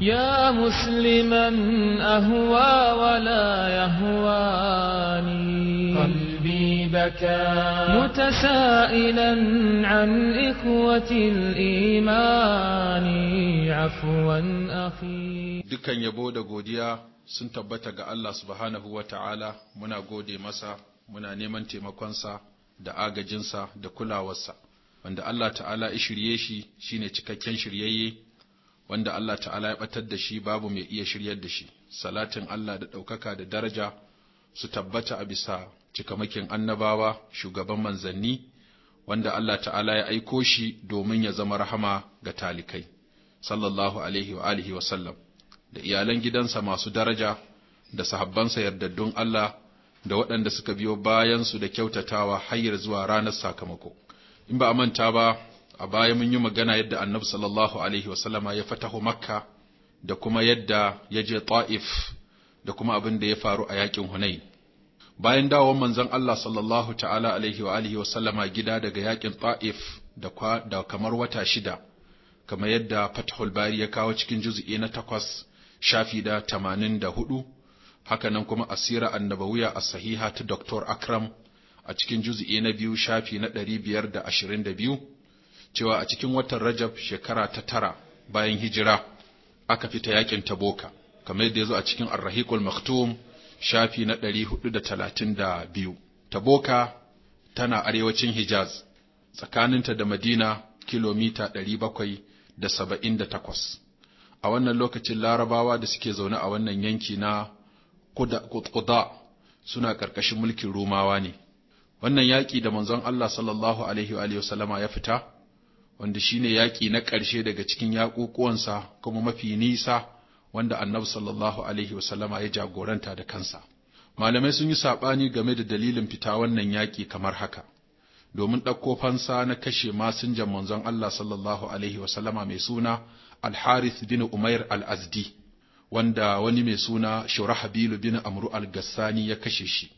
يا مسلما أهوى ولا يهواني قلبي بكى متسائلا عن إخوة الإيمان عفوا أخي دكا يبودا قوديا sun tabbata ga Allah subhanahu ta'ala muna gode masa, muna neman taimakonsa da agajinsa da kulawarsa, wanda Allah ta'ala shirye shi shine cikakken shiryayye wanda Allah ta'ala ya batar da shi babu mai iya shiryar da shi salatin Allah da ɗaukaka da daraja su tabbata a bisa cikamakin annabawa shugaban manzanni wanda Allah ta'ala ya aiko shi domin ya zama rahama ga talikai sallallahu alaihi wa alihi wa sallam da iyalan gidansa masu daraja da sahabbansa yardaddun Allah da waɗanda suka biyo bayansu da kyautatawa har zuwa ranar sakamako in ba a manta ba a baya mun yi magana yadda annabi sallallahu alaihi wasallama ya fataho makka da kuma yadda ya je ta'if da kuma abin da ya faru a yakin Hunai. bayan dawowar manzon Allah sallallahu ta'ala alaihi wa alihi wasallama gida daga yakin ta'if da, da kamar wata shida kamar yadda fathul bari ya kawo cikin juz'i na takwas shafi da tamanin da hudu nan kuma asira annabawiya a sahiha ta dr akram a cikin juz'i na biyu shafi na ɗari biyar da ashirin da biyu cewa a cikin watan Rajab shekara ta tara bayan hijira aka fita yakin Taboka kamar yadda yazo a cikin Ar-Rahiqul Maktum shafi na 432 Taboka tana arewacin Hijaz tsakaninta da Madina kilomita 778 a wannan lokacin Larabawa da suke zaune a wannan yanki na Quda suna ƙarƙashin mulkin Rumawa ne wannan yaƙi da manzon Allah sallallahu alaihi wa sallama ya fita wanda shi ne yaƙi na ƙarshe daga cikin yaƙuƙuwansa kuma mafi nisa wanda annabi sallallahu alaihi wasallama ya jagoranta da kansa malamai sun yi saɓani game da dalilin fita wannan yaƙi kamar haka domin ɗauko fansa na kashe masinjan manzon Allah sallallahu alaihi wasallama mai suna alharis bin umair al-azdi wanda wani mai suna Habilu bin amru al-gassani ya kashe shi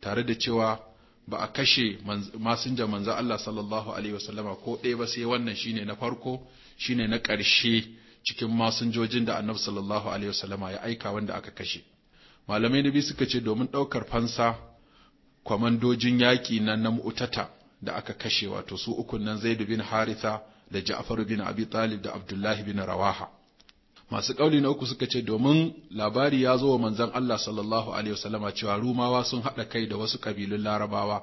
tare da cewa ba a kashe masinja manzo Allah sallallahu alaihi wasallama ko ɗaya ba sai wannan shine na farko shine na ƙarshe cikin masinjojin da annabi sallallahu alaihi wasallama ya aika wanda aka kashe malamai na biyu suka ce domin ɗaukar fansa kwamandojin yaƙi na na mu'tata da aka kashe wato su ukun nan Zaid bin Haritha da Ja'far bin Abi Talib da Abdullahi bin Rawaha masu ƙauli na uku suka ce domin labari ya zo wa manzan Allah sallallahu alaihi wasallama cewa rumawa sun haɗa kai da wasu ƙabilun larabawa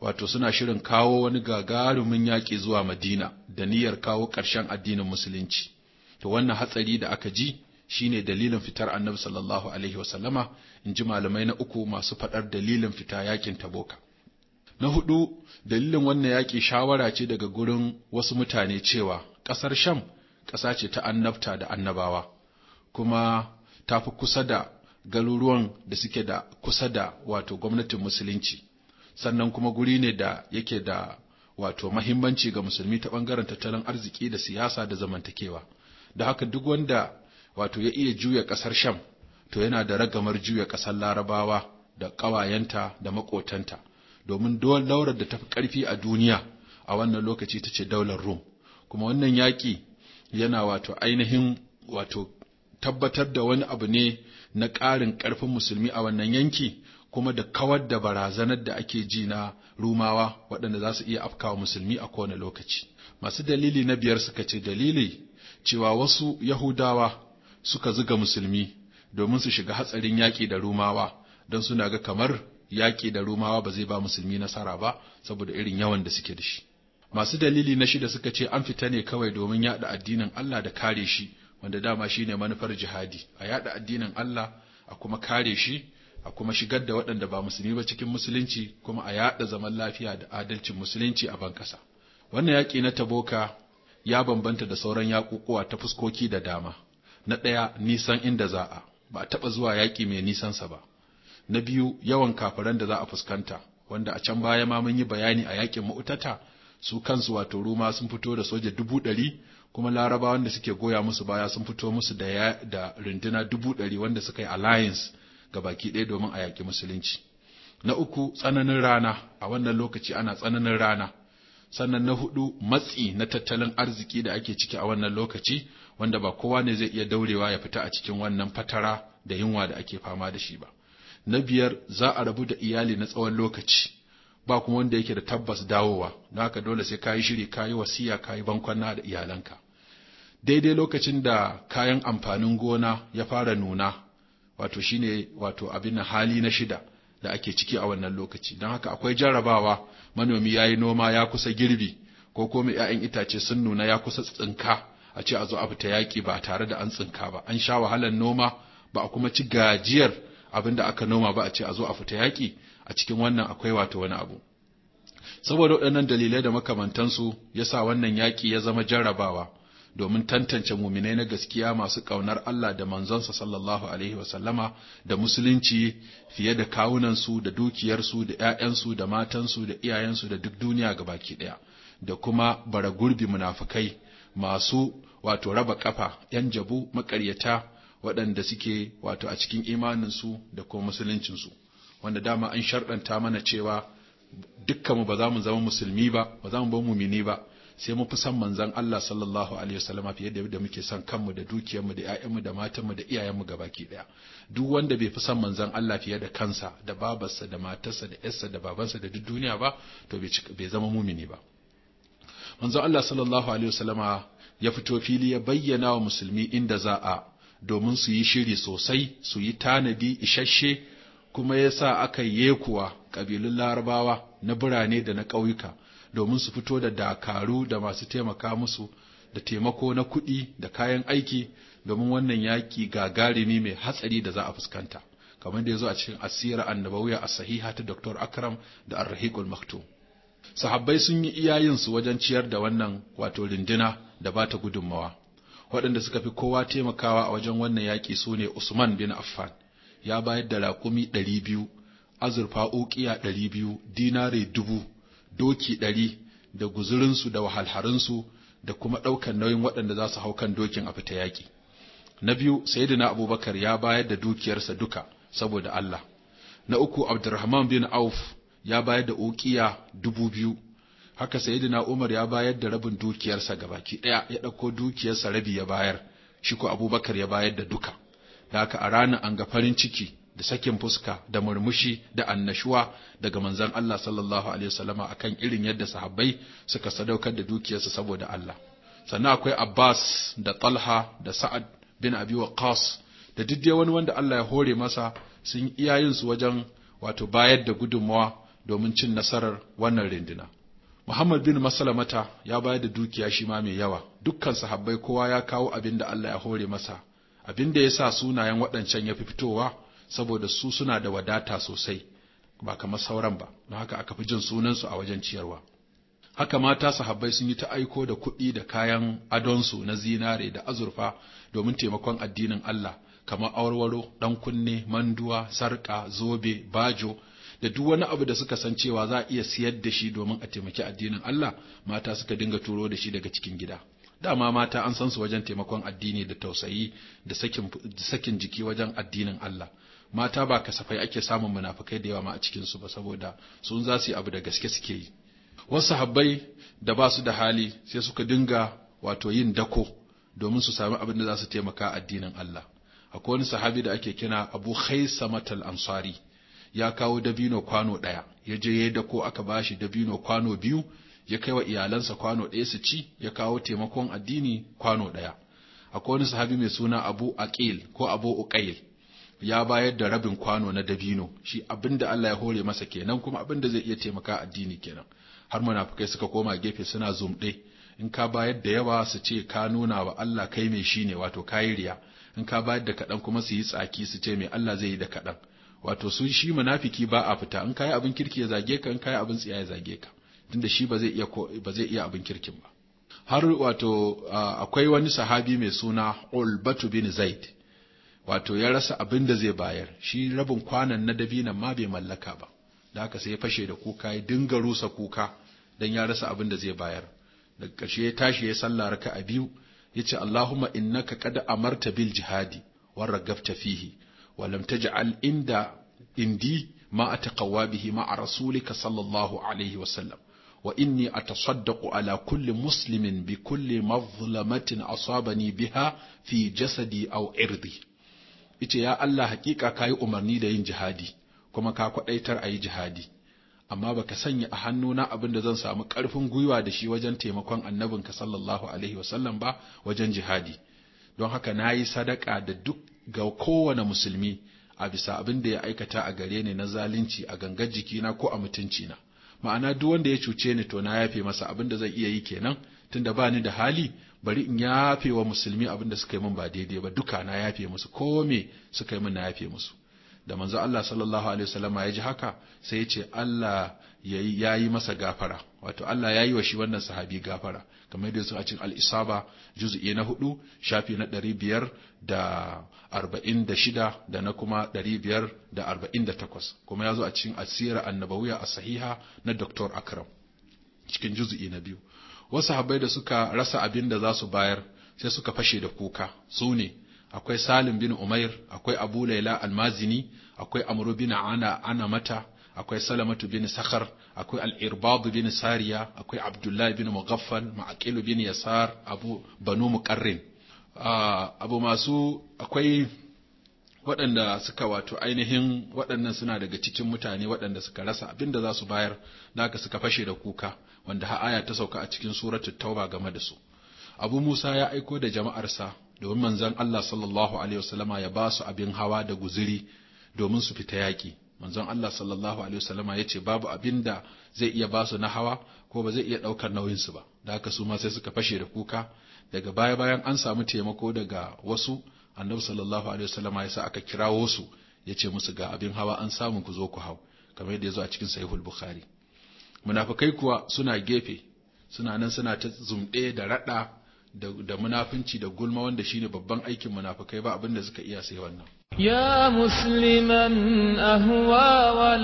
wato suna shirin kawo wani gagarumin yaƙi zuwa madina da niyyar kawo ƙarshen addinin musulunci to wannan hatsari da aka ji shine dalilin fitar annabi sallallahu alaihi wasallama in ji malamai na uku masu faɗar dalilin fita yaƙin taboka na hudu dalilin wannan yaƙi shawara ce daga gurin wasu mutane cewa ƙasar sham ƙasa ce ta annabta da annabawa kuma ta fi kusa da garuruwan da suke da kusa da wato gwamnatin musulunci sannan kuma guri ne da yake da wato mahimmanci ga musulmi ta ɓangaren tattalin arziki da siyasa da zamantakewa da haka duk wanda wato ya iya juya ƙasar sham to yana da ragamar juya ƙasar larabawa da ƙawayenta da maƙotanta domin daular da ta fi ƙarfi a duniya a wannan lokaci ta ce daular rum kuma wannan yaƙi yana wato ainihin wato tabbatar da wani abu ne na ƙarin ƙarfin musulmi a wannan yanki kuma da kawar da barazanar da ake ji na rumawa waɗanda za su iya afkawa musulmi a kowane lokaci masu dalili na biyar suka ce dalili cewa wasu yahudawa suka zuga musulmi domin su shiga hatsarin yaƙi da rumawa don suna ga kamar yaƙi da rumawa ba zai ba musulmi nasara ba saboda irin yawan da suke da shi Masu dalili na shida suka ce an fita ne kawai domin yaɗa addinin Allah da kare shi, wanda dama shi ne manufar jihadi, a yaɗa addinin Allah, a kuma kare shi, a kuma shigar da waɗanda ba musulmi ba cikin musulunci, kuma a yaɗa zaman lafiya da adalcin musulunci a bankasa Wannan yaƙi na Taboka ya bambanta da sauran yaƙuƙuwa ta fuskoki da dama. Na ɗaya nisan inda za a, ba a taɓa zuwa yaƙi mai nisansa ba. Na biyu yawan kafiran da za a fuskanta, wanda a can baya ma mun yi bayani a yaƙin mu'utata su kansu wato ruma sun fito da soja dubu ɗari kuma laraba wanda suke goya musu baya sun fito musu da, da runduna dubu ɗari wanda suka yi alliance ga baki ɗaya domin a yaƙi musulunci na uku tsananin rana a wannan lokaci ana tsananin rana sannan na hudu matsi na tattalin arziki da ake ciki a wannan lokaci wanda ba kowa ne zai iya daurewa ya fita a cikin wannan fatara da yunwa da ake fama da shi ba na biyar za a rabu da iyali na tsawon lokaci ba kuma wanda yake da tabbas dawowa don haka dole sai kayi shiri kayi wasiya kayi bankwana da iyalanka daidai lokacin da kayan amfanin gona ya fara nuna wato shine wato abin hali na shida da ake ciki a wannan lokaci don haka akwai jarabawa manomi ya yi noma ya kusa girbi ko kuma 'ya'yan itace sun nuna ya kusa tsinka a ce a zo a fita yaƙi ba tare da an tsinka ba an sha wahalar noma ba a kuma ci gajiyar abin da aka noma ba a ce a zo a fita yaƙi a cikin wannan akwai wato wani abu saboda waɗannan dalilai da makamantansu ya sa wannan yaƙi ya zama jarrabawa domin tantance muminai na gaskiya masu ƙaunar Allah da manzonsa sallallahu alaihi wasallama da musulunci fiye da kawunansu da dukiyarsu da ‘ya'yansu da matansu da iyayensu da duk duniya ga baki ɗaya da kuma bara gurbi munafukai masu wato raba ƙafa, ‘yan jabu maƙaryata waɗanda suke wato a cikin imaninsu da kuma musuluncinsu. wanda dama an sharɗanta mana cewa dukkanmu ba za mu zama musulmi ba ba za mu ba mumini ba sai mu fi son manzon Allah sallallahu alaihi wasallama fiye da yadda muke san kanmu da dukiyarmu da ƴaƴanmu da matanmu da iyayenmu gabaki ɗaya. duk wanda bai fi san manzon Allah fiye da kansa da babarsa da matarsa da ƴarsa da babansa da duk duniya ba to bai zama mumini ba manzon Allah sallallahu alaihi wasallama ya fito fili ya bayyana wa musulmi inda za a domin su yi shiri sosai su yi tanadi isasshe kuma ya sa aka yekuwa ƙabilun larabawa na birane da na ƙauyuka domin su fito da dakaru da masu taimaka musu da taimako na kuɗi da kayan aiki domin wannan yaƙi gagarumi mai hatsari da za a fuskanta kamar da ya zo a cikin asira annabawiya a sahiha ta dr akram da arrahiqul maktum sahabbai sun yi iyayensu wajen ciyar da wannan wato rindina da ba ta gudunmawa waɗanda suka fi kowa taimakawa a wajen wannan yaƙi sune usman bin affan ya bayar da raƙumi ɗari biyu azurfa uƙiya ɗari biyu dinare dubu doki ɗari da guzurinsu da wahalharinsu da kuma ɗaukan nauyin waɗanda za su hau kan dokin a fita yaƙi na biyu sayyidina abubakar ya bayar da dukiyarsa duka saboda Allah na uku abdurrahman bin auf ya bayar da uƙiya dubu biyu haka sayyidina umar ya bayar da rabin dukiyarsa gabaki ɗaya ya ɗauko dukiyarsa rabi ya bayar shi ko abubakar ya bayar da duka da haka a ranar an ga farin ciki da sakin fuska da murmushi da annashuwa daga manzon Allah sallallahu alaihi wasallama akan irin yadda sahabbai suka sadaukar da dukiyarsu saboda Allah sannan akwai Abbas da Talha da Sa'ad bin Abi Waqqas da duk wani wanda Allah ya hore masa sun iya su wajen wato bayar da gudunmawa domin cin nasarar wannan rinduna Muhammad bin Masalamata ya bayar da dukiya shi ma mai yawa dukkan sahabbai kowa ya kawo abin da Allah ya hore masa abin da ya sa sunayen waɗancan ya fi fitowa saboda su suna da wadata sosai ba kamar sauran ba don haka aka fi jin sunansu a wajen ciyarwa haka mata sahabbai sun yi ta aiko da kuɗi da kayan adonsu na zinare da azurfa domin taimakon addinin Allah kamar awarwaro ɗan kunne manduwa sarƙa zobe bajo da duk wani abu da suka san cewa za a iya siyar da shi domin a taimaki addinin Allah mata suka dinga turo da shi daga cikin gida dama mata an san su wajen taimakon addini da tausayi da sakin jiki wajen addinin Allah mata ba kasafai ake samun munafukai da yawa ma a cikin su ba saboda sun za su yi abu da gaske suke yi wasu sahabbai da ba su da hali sai suka dinga wato yin dako domin su sami abin da za su taimaka addinin Allah akwai wani sahabi da ake kina Abu Khaisamatal Ansari ya kawo dabino kwano daya ya je ya dako aka bashi dabino kwano biyu ya kai wa iyalansa kwano ɗaya su ci ya kawo taimakon addini kwano ɗaya akwai wani sahabi mai suna abu aqil ko abu uqail ya bayar da rabin kwano na dabino shi abinda Allah ya hore masa kenan kuma abinda zai iya taimaka addini kenan har munafukai suka koma gefe suna zumɗe in ka bayar da yawa su ce ka nuna wa Allah kai mai shi ne wato kayi riya in ka bayar da kaɗan kuma su yi tsaki su ce mai Allah zai yi da kaɗan wato sun shi munafiki ba a fita in kayi abin kirki ya zage ka in kayi abin tsiya ya zage ka tunda shi ba zai iya ba zai iya abin kirkin ba har wato akwai wani sahabi mai suna Ulbatu bin Zaid wato ya rasa abin da zai bayar shi rabin kwanan na dabinan ma bai mallaka ba da haka sai ya fashe da kuka ya dinga rusa kuka dan ya rasa abin da zai bayar daga ƙarshe ya tashi ya sallah a biyu ya ce Allahumma innaka qad amarta bil jihadi wa ragabta fihi wa lam taj'al inda indi ma ataqawa bihi ma rasulika sallallahu alaihi wa wa inni atasaddaqu ala kulli muslimin bi kulli mazlamatin asabani biha fi jasadi aw irdi ice ya Allah hakika yi umarni da yin jihadi kuma ka kwadaitar ayi jihadi amma baka sanya a hannuna abin da zan samu ƙarfin gwiwa da shi wajen taimakon annabinka sallallahu alaihi wasallam ba wajen jihadi don haka na yi sadaka da duk ga kowane musulmi a bisa abin da ya aikata a gare ni na zalunci a gangar jikina ko a mutuncina ma'ana duk wanda ya cuce ni to na yafe masa abin da zan iya yi kenan tunda ba ni da hali bari in yafe wa musulmi abin da suka yi min ba daidai ba duka na yafe musu ko me suka yi min na yafe musu da manzo Allah sallallahu alaihi wasallama ya ji haka sai ya ce Allah ya yi masa gafara wato Allah ya yi wa shi wannan sahabi gafara kamar yadda su a cikin al-isaba juz'i na hudu shafi na ɗari biyar da arba'in da shida da na kuma ɗari biyar da arba'in da takwas kuma ya zo a cikin asira annabawiya a sahiha na Dr. Akram cikin juz'i na biyu wasu habai da suka rasa abin da za su bayar sai suka fashe da kuka su ne akwai Salim bin Umair akwai Abu Laila Almazini akwai Amr bin Ana Ana mata akwai Salamatu bin Sakhar akwai Al-Irbad bin Sariya akwai Abdullah bin Mughaffal Ma'aqil bin Yasar Abu Banu Muqarrin ah, abu masu akwai waɗanda suka wato ainihin waɗannan suna daga cikin mutane waɗanda suka rasa abin da za su bayar da suka fashe da kuka wanda aya ta sauka a cikin suratul tauba game da su abu musa ya aiko da jama'arsa domin manzon Allah sallallahu alaihi wasallama ya ba su abin hawa da guziri domin su fita yaƙi manzon Allah sallallahu alaihi wasallama ya ce babu abin da zai iya ba su na hawa ko ba zai iya ɗaukar su ba da haka su ma sai suka fashe da kuka daga baya bayan an samu taimako daga wasu annabi sallallahu alaihi wasallama ya sa aka kirawo su ya ce musu ga abin hawa an samu ku zo ku hau kamar yadda ya zo a cikin sahihul bukhari munafikai kuwa suna gefe suna nan suna ta zumɗe da raɗa da munafunci da gulma wanda shine babban aikin munafukai ba abinda suka iya sai wannan ya musliman ahwa wa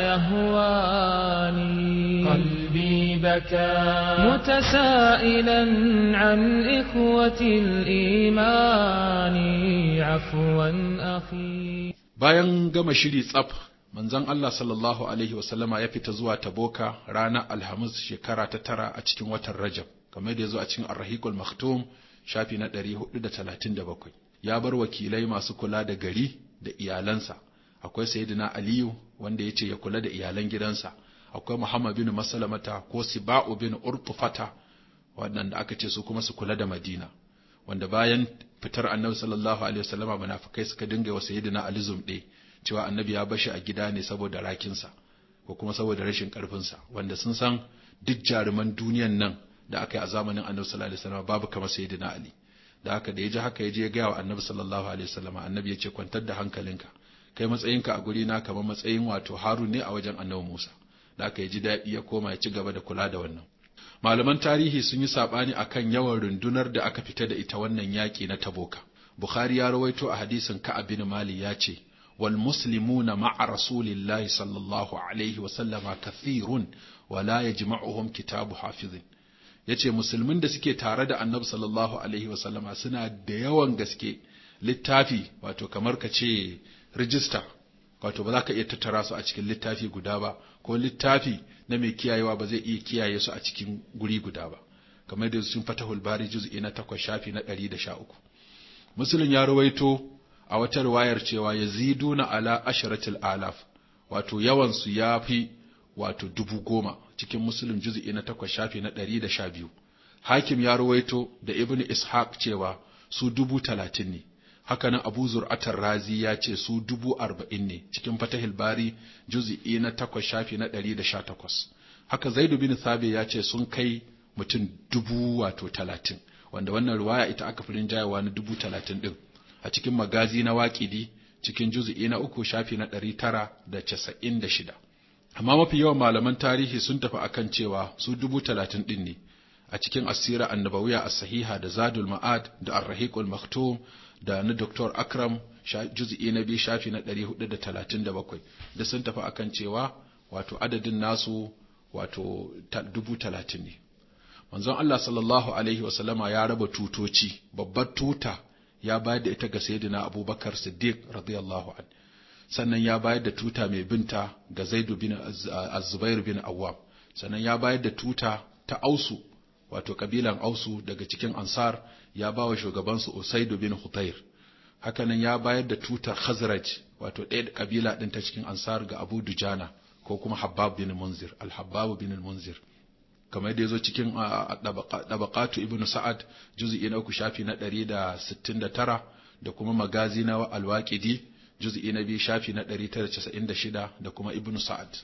yahwani qalbi baka mutasailan an ikhwati al-imani afwan akhi bayan gama shiri tsaf manzon Allah sallallahu alaihi wasallama ya fita zuwa Taboka ranar Alhamis shekara ta tara a cikin watan Rajab kamar da ya zo a cikin arrahikul maktum shafi na ɗari da talatin 437 ya bar wakilai masu kula da gari da iyalansa akwai sayyidina aliyu wanda ya ce ya kula da iyalan gidansa akwai muhammad bin masalamata ko siba'u bin urtufata waɗanda aka ce su kuma su kula da madina wanda bayan fitar annabi sallallahu alaihi wasallama munafikai suka dinga wa sayyidina ali zumde cewa annabi ya bashi a gida ne saboda rakinsa ko kuma saboda rashin karfinsa wanda sun san duk jaruman duniyan nan da aka yi a zamanin annabi sallallahu alaihi wasallam babu kamar sayyidina ali da haka da ya haka ya je ya gaya wa annabi sallallahu alaihi wasallam annabi ya ce kwantar da hankalinka kai matsayinka a guri na kamar matsayin wato harun ne a wajen annabi musa da haka ya ji daɗi ya koma ya ci gaba da kula da wannan malaman tarihi sun yi saɓani akan yawan rundunar da aka fita da ita wannan yaƙi na taboka bukhari ya rawaito a hadisin ka'ab bin mali ya ce wal muslimuna ma'a rasulillahi sallallahu alaihi wa kathirun wala yajma'uhum kitabu hafizin ya ce musulmin da suke tare da annabi sallallahu alaihi wasallama suna da yawan gaske littafi wato kamar ka ce rijista wato ba za ka iya tattara su a cikin littafi guda ba ko littafi na mai kiyayewa ba zai iya kiyaye su a cikin guri guda ba kamar da sun fatahul hulbari juz'i na takwas shafi na ɗari da sha uku musulun ya rawaito a wata riwayar cewa ya ziduna ala asharatil alaf wato yawansu ya fi wato dubu goma cikin muslim juz'i na takwas shafi na ɗari da sha biyu hakim ya ruwaito da ibnu ishaq cewa su dubu talatin ne hakanan abu zur'atar razi ya ce su dubu arba'in ne cikin fatahil bari juz'i na takwas shafi na ɗari da sha takwas haka zaidu bin Sabe ya ce sun kai mutum dubu wato talatin wanda wannan ruwaya ita aka fi rinjayewa na dubu talatin ɗin a cikin magazi na waƙidi cikin juz'i na uku shafi na ɗari tara da casa'in da shida amma mafi yawan malaman tarihi sun tafi akan cewa su dubu talatin ɗin ne a cikin asira annabawiya a sahiha da zadul ma'ad da arrahiqul maktum da na Doktor akram juz'i na biyu shafi na 437 da sun tafi akan cewa wato adadin nasu wato dubu talatin ne manzon Allah sallallahu alaihi ya raba tutoci babbar tuta ya bayar da ita ga sayyidina abubakar siddiq radiyallahu an sannan ya bayar da tuta mai binta ga zaidu bin Azubair bin awwam sannan ya bayar da tuta ta ausu wato kabilan ausu daga cikin ansar ya bawa shugabansu usaidu bin hutair hakanan ya bayar da tuta khazraj wato ɗaya da kabila ɗin ta cikin ansar ga abu dujana ko kuma habbab bin munzir al bin munzir kamar da ya zo cikin ɗabaƙatu ibn sa'ad juzi na uku shafi na ɗari da sittin da tara da kuma magazi na alwaƙidi juz'i na biyu shafi na 996 da da kuma ibnu sa'ad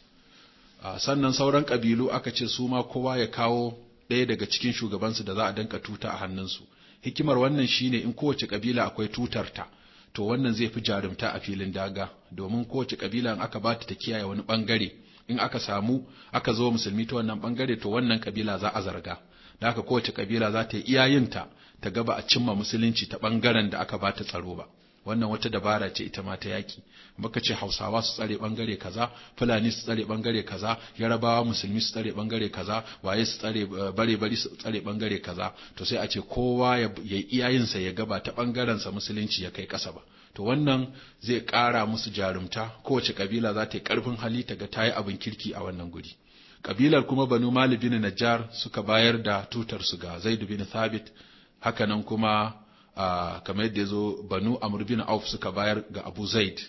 sannan sauran kabilu aka ce su ma kowa ya kawo ɗaya daga cikin shugabansu da za a danka tuta a hannunsu hikimar wannan shine in kowace kabila akwai tutarta to wannan zai fi jarumta a filin daga domin kowace kabila in aka bata ta kiyaye wani bangare in aka samu aka zo musulmi ta wannan bangare to wannan kabila za a zarga da haka kowace kabila za ta yi iyayinta ta gaba a cimma musulunci ta bangaren da aka bata tsaro ba wannan wata dabara ce ita ma ta yaki baka ce hausawa su tsare bangare kaza fulani su tsare bangare kaza yarabawa musulmi su tsare bangare kaza waye su tsare eh, bare bari su tsare bangare kaza to sai a ce kowa ya iyayensa ya gaba ta bangaren sa musulunci ya kai kasa ba to wannan zai kara musu jarumta kowace kabila za ta yi karfin hali ta ga tayi abin kirki a wannan guri kabilar kuma banu malibin najjar suka bayar da tutar su ga zaid bin thabit nan kuma kamar yadda ya zo banu amr bin auf suka bayar ga abu zaid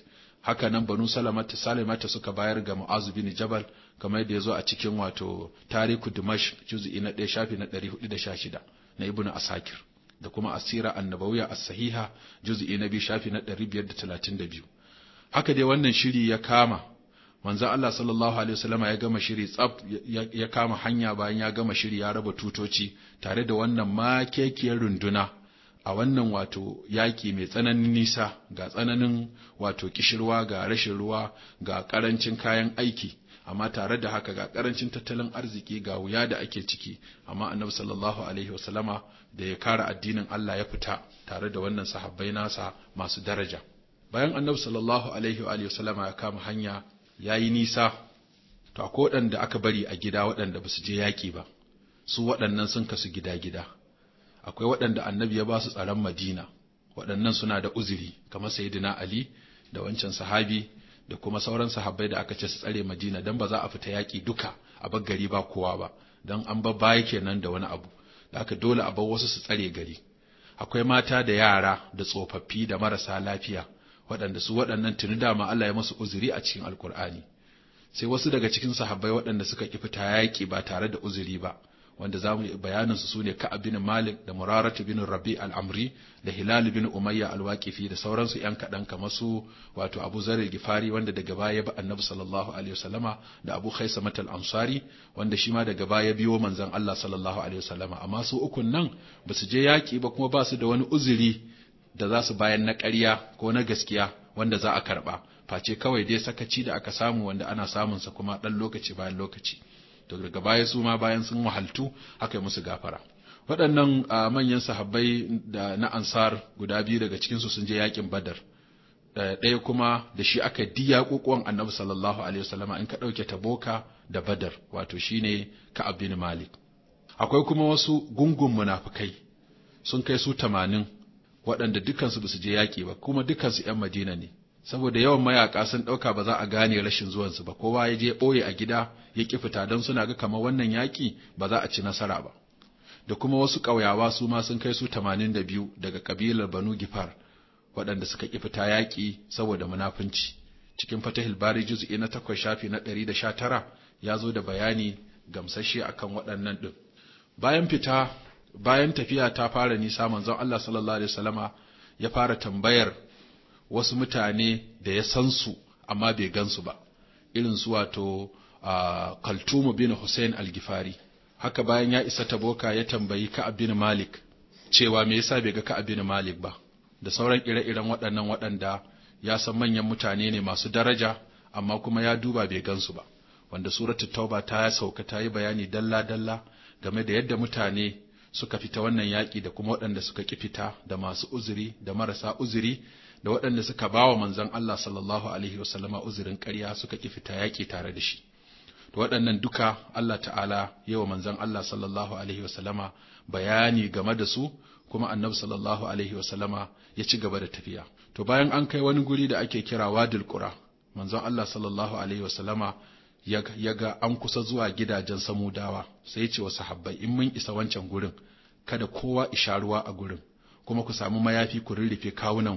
haka nan banu salamata salamata suka bayar ga mu'azu bin jabal kamar yadda ya zo a cikin wato tariku dimash juz'i na ɗaya shafi na hudu da sha shida na ibnu asakir da kuma asira annabawiya as-sahiha juz'i na biyu shafi na biyar da da talatin biyu. haka dai wannan shiri ya kama manzo Allah sallallahu alaihi wasallama ya gama shiri tsaf ya kama hanya bayan ya gama shiri ya raba tutoci tare da wannan makekiyar runduna a wannan wato yaƙi mai tsananin nisa ga tsananin wato kishirwa ga rashin ruwa ga ƙarancin kayan aiki amma tare da haka ga ƙarancin tattalin arziki ga wuya da ake ciki amma annabi sallallahu alaihi wasallama da ya kara addinin Allah ya fita tare da wannan sahabbai nasa masu daraja bayan annabi sallallahu alaihi wa sallama ya kama hanya yayi nisa to akwai waɗanda aka bari a gida waɗanda ba su je yaƙi ba su waɗannan sun kasu gida-gida akwai waɗanda annabi ya ba su tsaron madina waɗannan suna da uzuri kamar sayyidina ali da wancan sahabi da kuma sauran sahabbai da aka ce su tsare madina don ba za a fita yaƙi duka a bar gari ba kowa ba don an bar baya kenan da wani abu da aka dole a bar wasu su tsare gari akwai mata da yara da tsofaffi da marasa lafiya waɗanda su waɗannan tuni dama Allah ya musu uzuri a cikin alkur'ani sai wasu daga cikin sahabbai waɗanda suka ki fita yaƙi ba tare da uzuri ba wanda za mu yi bayanin su sune Ka'ab bin Malik da Muraratu bin Rabi al-Amri da Hilal bin Umayya al-Waqifi da sauransu yan kaɗan kamar su wato Abu Zar al-Gifari wanda daga baya ya Annabi sallallahu alaihi wasallama da Abu Khaisama al-Ansari wanda shi ma daga baya biyo manzon Allah sallallahu alaihi wasallama amma su ukun nan ba su je yaki ba kuma ba su da wani uzuri da za su bayan na ƙarya ko na gaskiya wanda za a karɓa face kawai dai sakaci da aka samu wanda ana samunsa kuma ɗan lokaci bayan lokaci to daga baya su ma bayan sun wahaltu haka musu gafara waɗannan manyan sahabbai da na ansar guda biyu daga cikinsu sun je yakin badar ɗaya kuma da shi aka diya kokon annabi sallallahu alaihi wasallam in ka ɗauke taboka da badar wato shine ka abin malik akwai kuma wasu gungun munafukai sun kai su tamanin waɗanda dukansu ba su je yaƙi ba kuma dukansu ‘yan madina ne saboda yawan mayaka sun ɗauka ba za a gane rashin zuwansu ba kowa ya je ɓoye a gida ya ƙi fita don suna ga kamar wannan yaƙi ba za a ci nasara ba da kuma wasu ƙauyawa su ma sun kai su tamanin da biyu daga ƙabilar banu gifar waɗanda suka ƙi fita yaƙi saboda munafunci cikin fatahil bari juz'i na takwas shafi na ɗari da sha tara ya zo da bayani gamsashe akan waɗannan ɗin bayan fita bayan tafiya ta fara nisa manzon Allah sallallahu alaihi wasallama ya fara tambayar wasu mutane da ya san su amma bai gansu ba irin su wato kaltumu bin hussein algifari haka bayan ya isa taboka ya tambayi ka'ab bin malik cewa me yasa bai ga ka'ab bin malik ba da sauran ire-iren waɗannan waɗanda ya san manyan mutane ne masu daraja amma kuma ya duba bai gansu ba wanda suratul tauba ta sauka ta yi bayani dalla-dalla game da yadda mutane suka fita wannan yaƙi da kuma waɗanda suka ƙi fita da masu uzuri da marasa uzuri da waɗanda suka ba wa manzon Allah sallallahu alaihi wasallama uzurin ƙarya suka ƙi fita yaƙi tare da shi to waɗannan duka Allah ta'ala wa manzon Allah sallallahu alaihi wasallama bayani game da su kuma annabi sallallahu alaihi wasallama ya ci gaba da tafiya to bayan an kai wani guri da ake kira wadil qura manzon Allah sallallahu alaihi wasallama ya ga an kusa zuwa gidajen samudawa sai ce wa sahabbai in mun isa wancan gurin kada kowa isha ruwa a gurin kuma ku samu mayafi ku rirrife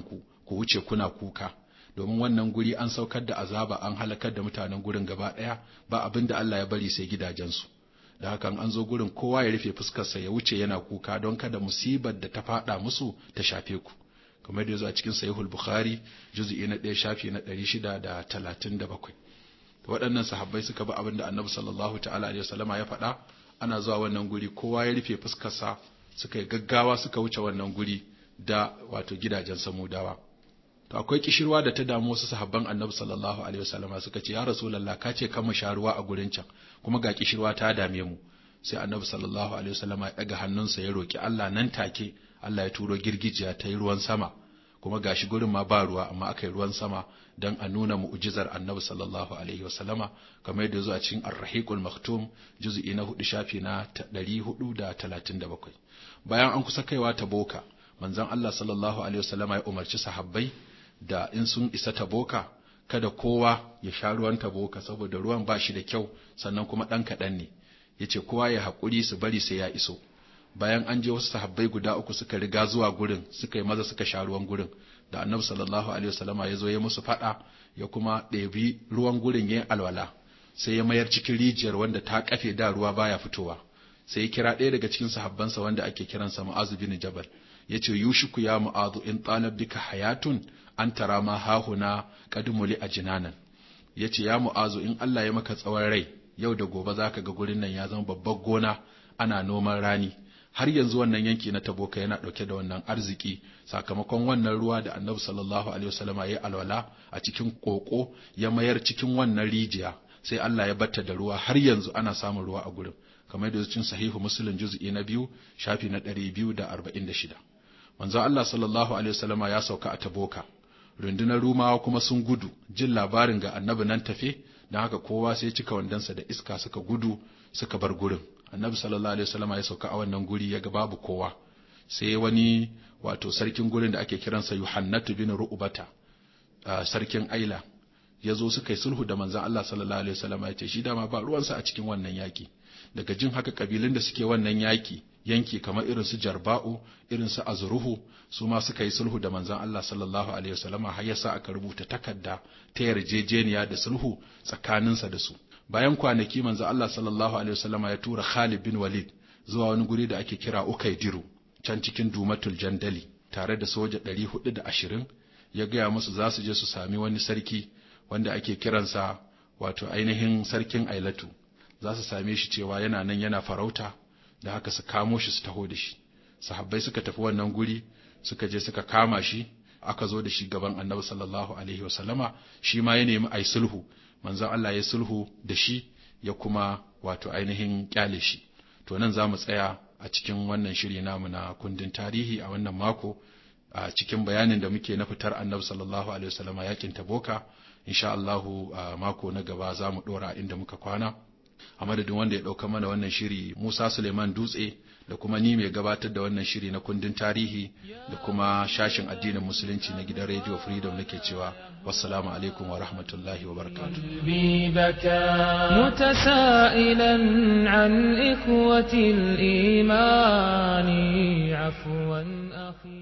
ku. ku wuce kuna kuka domin wannan guri an saukar da azaba an halakar da mutanen gurin gaba ɗaya ba abin da Allah ya bari sai gidajensu da hakan an zo gurin kowa ya rufe fuskarsa ya wuce yana kuka don kada musibar da ta faɗa musu ta shafe ku kamar da yazo a cikin sahihul bukhari juz'i na 1 shafi na 637 waɗannan sahabbai suka bi abin da annabi sallallahu ta'ala alaihi wasallama ya faɗa ana zuwa wannan guri kowa ya rufe fuskarsa suka yi gaggawa suka wuce wannan guri da wato gidajen samudawa to akwai kishirwa da ta damu wasu sahabban annabi sallallahu alaihi wasallam suka ce ya rasulullah ka ce ka mu ruwa a gurin can kuma ga kishirwa ta dame mu sai annabi sallallahu alaihi wasallam ya daga hannunsa ya roki Allah nan take Allah ya turo girgijiya ta yi ruwan sama kuma gashi gurin ma ba ruwa amma aka yi ruwan sama dan a nuna mu'ujizar annabi sallallahu alaihi wasallama kamar yadda zuwa cikin ar-rahiqul maktum juz'i na 4 shafi na 437 bayan an kusa kaiwa ta boka manzon Allah sallallahu alaihi wasallama ya umarci sahabbai da in sun isa taboka kada kowa ya sha ruwan taboka saboda ruwan ba shi da kyau sannan kuma ɗan kaɗan ne ya ce kowa ya haƙuri su bari sai ya iso bayan an je wasu sahabbai guda uku suka riga zuwa gurin suka yi maza suka sha ruwan gurin da annabi sallallahu alaihi wasallama ya zo ya musu faɗa ya kuma ɗebi ruwan gurin ya alwala sai ya mayar cikin rijiyar wanda ta kafe da ruwa baya fitowa sai ya kira ɗaya daga cikin sahabbansa wanda ake kiransa mu'azu bin jabal Ya ce, yushuku ya mu'azu in talab bika hayatun an tara ma hahuna kadumuli a jinanan yace ya mu'azu in Allah ya maka tsawon rai yau da gobe za ka ga gurin nan ya zama babbar gona ana noman rani har yanzu wannan yanki na taboka yana ɗauke da wannan arziki sakamakon wannan ruwa da annabi sallallahu alaihi wasallama ya alwala a cikin ƙoƙo ya mayar cikin wannan rijiya sai Allah ya batta da ruwa har yanzu ana samun ruwa a gurin kamar da cikin sahihu muslim juz'i na biyu shafi na ɗari biyu da da arba'in shida. manzo Allah sallallahu alaihi wasallama ya sauka a Taboka rundunar Rumawa kuma sun gudu jin labarin ga annabi nan tafe don haka kowa sai cika wandansa da iska suka gudu suka bar gurin annabi sallallahu alaihi wasallama ya sauka a wannan guri ya ga babu kowa sai wani wato sarkin gurin da ake kiransa Yuhannatu bin Ru'bata sarkin Aila ya zo suka yi sulhu da manzan Allah sallallahu alaihi wasallama ya ce shi dama ba ruwansa a cikin wannan yaki daga jin haka kabilun da suke wannan yaki yanki kamar irin su jarba'u irin su azruhu su ma suka yi sulhu da manzon Allah sallallahu alaihi wasallama har yasa aka rubuta takarda ta yarjejeniya da sulhu tsakaninsa da su bayan kwanaki manzon Allah sallallahu alaihi wasallama ya tura Khalid bin Walid zuwa wani guri da ake kira Ukaidiru can cikin Dumatul Jandali tare da soja 420 ya gaya musu za su je su sami wani sarki wanda ake kiransa wato ainihin sarkin Ailatu za su same shi cewa yana nan yana farauta da haka su kamo shi su taho da shi sahabbai suka tafi wannan guri suka je suka kama shi aka zo da shi gaban annabi sallallahu alaihi wasallama shi ma ya nemi ai sulhu manzon Allah ya sulhu da shi ya kuma wato ainihin kyale shi to nan za mu tsaya a cikin wannan shiri namu na kundin tarihi a wannan mako a cikin bayanin da muke na fitar annabi sallallahu alaihi wasallama yakin taboka insha Allah mako na gaba za mu dora inda muka kwana a madadin wanda ya ɗauka mana wannan shiri Musa Suleiman Dutse da kuma ni mai gabatar da wannan shiri na kundin tarihi da kuma shashin addinin musulunci na gidan Radio Freedom nake cewa wassalamu alaikum wa rahmatullahi wa barakatuh متسائلا عن إخوة الإيمان عفوا أخي